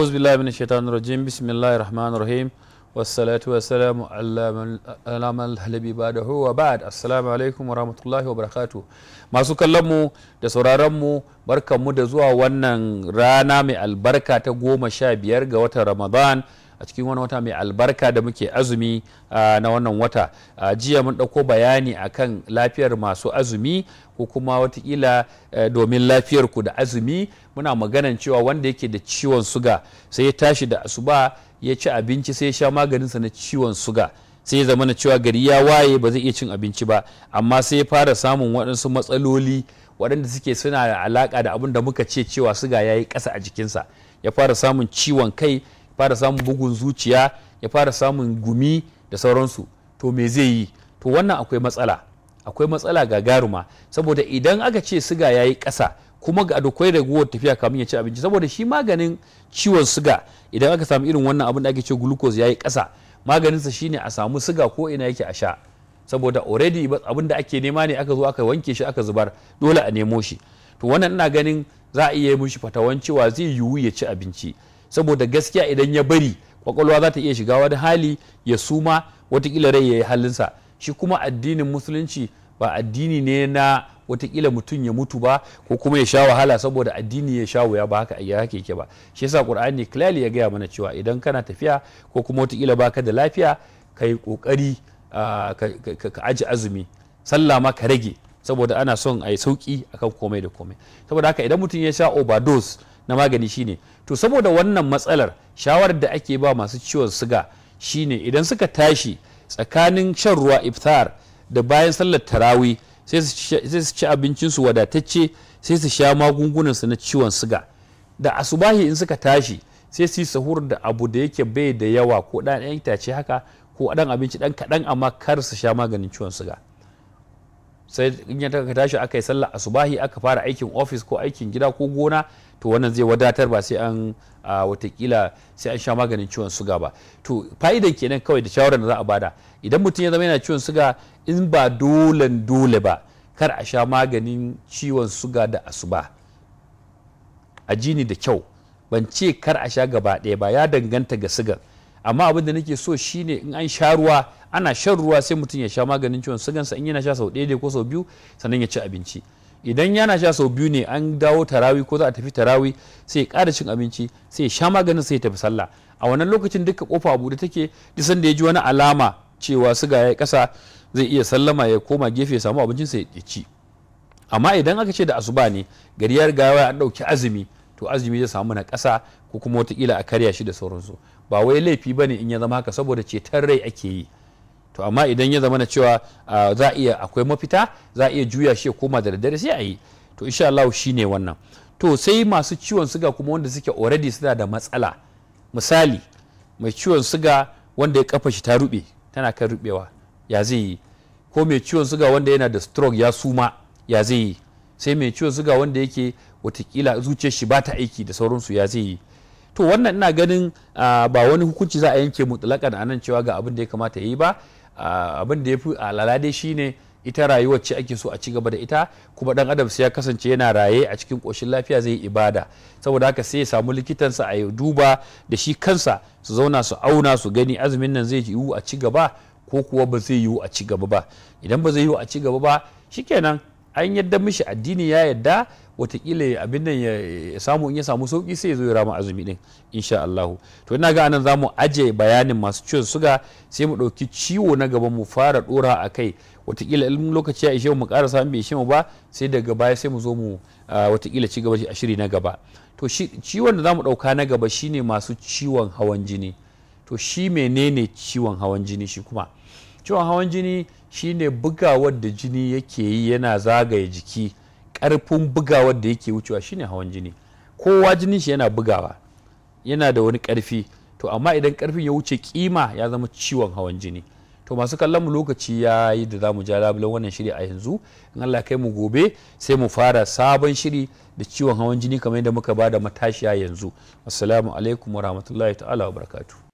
أعوذ بالله من الشيطان الرجيم بسم الله الرحمن الرحيم والصلاة والسلام على من الحلبي بعده وبعد السلام عليكم ورحمة الله وبركاته ما kallonmu da sauraronmu barkanmu da zuwa wannan rana mai albarka ta goma sha biyar a cikin wani wata mai albarka da muke azumi na wannan wata jiya mun ɗauko bayani akan lafiyar masu azumi ko kuma watakila eh, domin lafiyar ku da azumi muna maganan cewa wanda yake da ciwon suga sai ya tashi da asuba ya ci abinci sai ya sha maganinsa na ciwon suga sai ya zama na cewa gari ya waye ba zai iya cin abinci ba amma sai ya fara samun waɗansu matsaloli waɗanda suke suna da alaƙa da abin da muka ce cewa suga ya yi ƙasa a jikinsa ya fara samun ciwon kai fara samun bugun zuciya ya fara samun gumi da sauransu to me zai yi to wannan akwai matsala akwai matsala gagaruma saboda idan aka ce siga ya yi ƙasa kuma ga da raguwar tafiya kamin ya ci abinci saboda shi maganin ciwon siga idan aka samu irin wannan abin da ake ce glucose ya yi ƙasa maganinsa shine a samu siga ko ina yake a sha saboda already abin da ake nema ne aka zo aka wanke shi aka zubar dole a nemo shi to wannan ina ganin za a iya mishi fatawan cewa zai yiwu ya ci abinci saboda gaskiya idan ya bari kwakwalwa za ta iya shiga wani hali ya suma watakila rai ya yi halinsa shi kuma addinin musulunci ba addini ne na watakila mutum ya mutu ba ko kuma ya sha wahala saboda addini ya sha wuya ba haka a keke yake ba shi yasa qur'ani clearly ya gaya mana cewa idan kana tafiya ko kuma watakila baka da lafiya ka yi kokari ka aji azumi sallah ma ka rage saboda ana son a yi sauki akan komai da komai saboda haka idan mutum ya sha overdose na magani shine to saboda wannan matsalar shawarar da ake ba masu ciwon suga shine idan suka tashi tsakanin shan ruwa iftar da bayan sallar tarawi sai su ci abincinsu wadatacce sai su sha magungunansu na ciwon suga da asubahi in suka tashi sai su yi sahur da abu da yake bai da yawa ko ɗan itace haka ko ɗan abinci ɗan kaɗan amma kar su sha maganin ciwon suga sai in ya ka tashi aka yi sallah asubahi aka fara aikin ofis ko aikin gida ko gona to wannan zai wadatar ba sai an watakila sai an sha maganin ciwon suga ba to fa'idan kenan kawai da shawarar da za a bada idan mutum ya zama yana ciwon suga in ba dolen dole ba kar a sha maganin ciwon suga da asuba a jini da kyau ban ce kar a sha gaba ɗaya ba ya danganta ga sigan amma abin da nake so shine in an sha ruwa ana shan ruwa sai mutum ya sha maganin ciwon sa in yana sha sau ɗaya ko sau biyu sannan ya ci abinci idan yana sha sau biyu ne an dawo tarawi ko za a tafi tarawi sai ya ƙara cin abinci sai ya sha maganin sai ya tafi sallah a wannan lokacin duka kofa buɗe take duk sanda ya ji wani alama cewa suga ya ƙasa zai iya sallama ya koma gefe ya samu abincin sai ya ci amma idan aka ce da asuba ne gari ya riga an ɗauki azumi to azumi zai samu na ƙasa ko kuma watakila a karya shi da sauransu ba wai laifi bane in ya zama haka saboda ceton rai ake yi to amma idan ya zama na cewa za a iya akwai mafita za a iya juya shi ya koma da daddare sai a yi to insha Allah ne wannan to sai masu ciwon suga kuma wanda suke already suna da matsala misali mai ciwon suga wanda ya kafa shi ta rube tana kan rubewa ya zai yi ko mai ciwon suga wanda yana da stroke ya suma ya zai yi sai mai ciwon suga wanda yake watakila zuciyar shi ba ta aiki da sauransu ya zai yi to wannan ina ganin ba wani hukunci za a yanke da anan cewa ga abin da ya kamata ya yi ba abin da ya fi alala dai shine ita rayuwar ce ake so a ci gaba da ita kuma dan adam sai ya kasance yana raye a cikin koshin lafiya zai yi ibada saboda haka sai ya samu likitansa a duba da shi kansa su zauna su auna su gani azumin nan zai yiwu a ci gaba ko kuwa ba zai yiwu a ci gaba ba idan ba zai yiwu a ci gaba ba shikenan an yadda mishi addini ya yadda watakila abin nan ya samu in ya samu sauki sai ya zo ya rama azumi din insha Allah to ina ga anan zamu aje bayanin masu ciwon suga sai mu dauki ciwo na gaban mu fara dora akai watakila ilmu lokaci ya ishe mu samu bai ishe mu ba sai daga baya sai mu zo mu watakila ci gaba a shiri na gaba to ciwon da zamu dauka na gaba shine masu ciwon hawan jini to shi menene ciwon hawan jini shi kuma ciwon hawan jini shine bugawar da jini yake yi yana zagaye jiki karfin bugawar da yake wucewa shine hawan jini kowa jinin shi yana bugawa yana da wani karfi to amma idan karfin ya wuce kima ya zama ciwon hawan jini to masu kallon mu lokaci ya yi da zamu ja labulan wannan shiri a yanzu in Allah kai mu gobe sai mu fara sabon shiri da ciwon hawan jini kamar yadda muka bada matashiya yanzu assalamu alaikum warahmatullahi ta'ala wabarakatuh